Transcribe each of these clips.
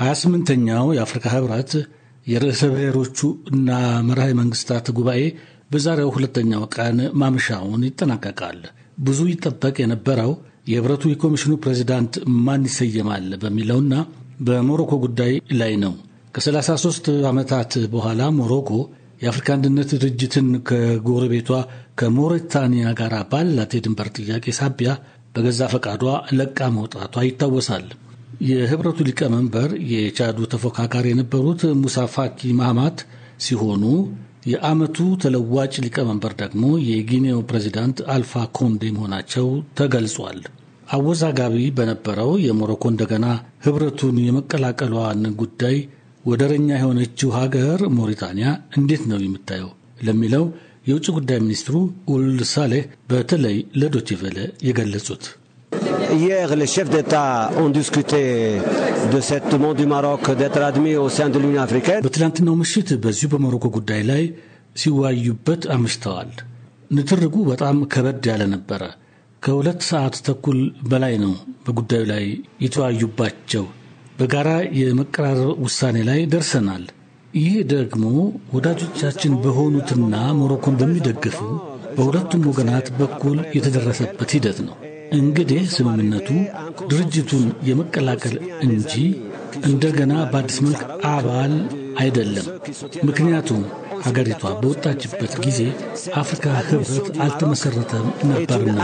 28 ስምንተኛው የአፍሪካ ህብረት የርዕሰ ብሔሮቹ እና መርሃዊ መንግስታት ጉባኤ በዛሬው ሁለተኛው ቀን ማምሻውን ይጠናቀቃል። ብዙ ይጠበቅ የነበረው የህብረቱ የኮሚሽኑ ፕሬዚዳንት ማን ይሰየማል በሚለውና በሞሮኮ ጉዳይ ላይ ነው። ከ33 ዓመታት በኋላ ሞሮኮ የአፍሪካ አንድነት ድርጅትን ከጎረቤቷ ከሞሪታንያ ጋር ባላት የድንበር ጥያቄ ሳቢያ በገዛ ፈቃዷ ለቃ መውጣቷ ይታወሳል። የህብረቱ ሊቀመንበር የቻዱ ተፎካካሪ የነበሩት ሙሳ ፋኪ ማህማት ሲሆኑ የአመቱ ተለዋጭ ሊቀመንበር ደግሞ የጊኔው ፕሬዚዳንት አልፋ ኮንዴ መሆናቸው ተገልጿል። አወዛጋቢ በነበረው የሞሮኮ እንደገና ህብረቱን የመቀላቀሏን ጉዳይ ወደረኛ የሆነችው ሀገር ሞሪታንያ እንዴት ነው የምታየው ለሚለው የውጭ ጉዳይ ሚኒስትሩ ኡል ሳሌህ በተለይ ለዶችቬለ የገለጹት Hier, les chefs d'État ont discuté de cette demande du Maroc d'être admis au sein de l'Union africaine. በትላንትናው ምሽት በዚሁ በሞሮኮ ጉዳይ ላይ ሲወያዩበት አምሽተዋል። ንትርጉ በጣም ከበድ ያለ ነበረ። ከሁለት ሰዓት ተኩል በላይ ነው በጉዳዩ ላይ የተወያዩባቸው። በጋራ የመቀራረብ ውሳኔ ላይ ደርሰናል። ይህ ደግሞ ወዳጆቻችን በሆኑትና ሞሮኮን በሚደግፉ በሁለቱም ወገናት በኩል የተደረሰበት ሂደት ነው። እንግዲህ ስምምነቱ ድርጅቱን የመቀላቀል እንጂ እንደገና በአዲስ መልክ አባል አይደለም። ምክንያቱም ሀገሪቷ በወጣችበት ጊዜ አፍሪካ ህብረት አልተመሰረተም ነበርና።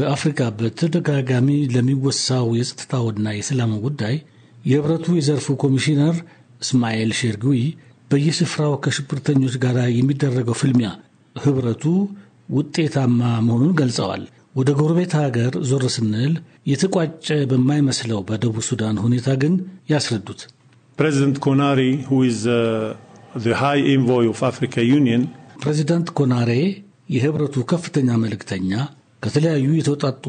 በአፍሪካ በተደጋጋሚ ለሚወሳው የጸጥታውና የሰላም ጉዳይ የህብረቱ የዘርፉ ኮሚሽነር እስማኤል ሼርጉዊ በየስፍራው ከሽብርተኞች ጋር የሚደረገው ፍልሚያ ህብረቱ ውጤታማ መሆኑን ገልጸዋል። ወደ ጎረቤት ሀገር ዞር ስንል የተቋጨ በማይመስለው በደቡብ ሱዳን ሁኔታ ግን ያስረዱት ፕሬዚደንት ኮናሪ ሃይ ኢንቮይ ኦፍ አፍሪካ ዩኒየን ፕሬዚዳንት ኮናሬ የህብረቱ ከፍተኛ መልእክተኛ ከተለያዩ የተውጣጡ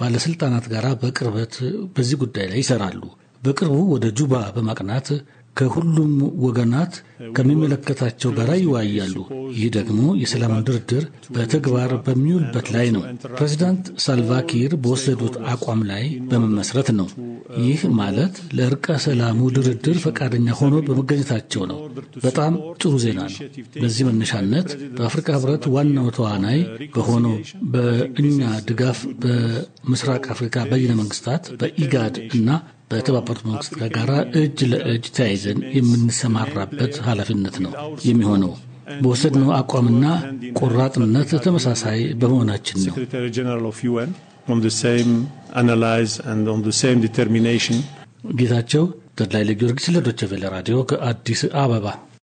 ባለሥልጣናት ጋር በቅርበት በዚህ ጉዳይ ላይ ይሰራሉ። በቅርቡ ወደ ጁባ በማቅናት ከሁሉም ወገናት ከሚመለከታቸው ጋር ይወያያሉ። ይህ ደግሞ የሰላም ድርድር በተግባር በሚውልበት ላይ ነው። ፕሬዚዳንት ሳልቫኪር በወሰዱት አቋም ላይ በመመስረት ነው። ይህ ማለት ለእርቀ ሰላሙ ድርድር ፈቃደኛ ሆኖ በመገኘታቸው ነው። በጣም ጥሩ ዜና ነው። በዚህ መነሻነት በአፍሪካ ሕብረት ዋናው ተዋናይ በሆነው በእኛ ድጋፍ በምስራቅ አፍሪካ በይነ መንግስታት በኢጋድ እና በተባበሩት መንግስት ጋር እጅ ለእጅ ተያይዘን የምንሰማራበት ኃላፊነት ነው የሚሆነው። በወሰድነው አቋምና ቆራጥነት ተመሳሳይ በመሆናችን ነው። ጌታቸው ተድላይ ለጊዮርጊስ ለዶቸቬለ ራዲዮ ከአዲስ አበባ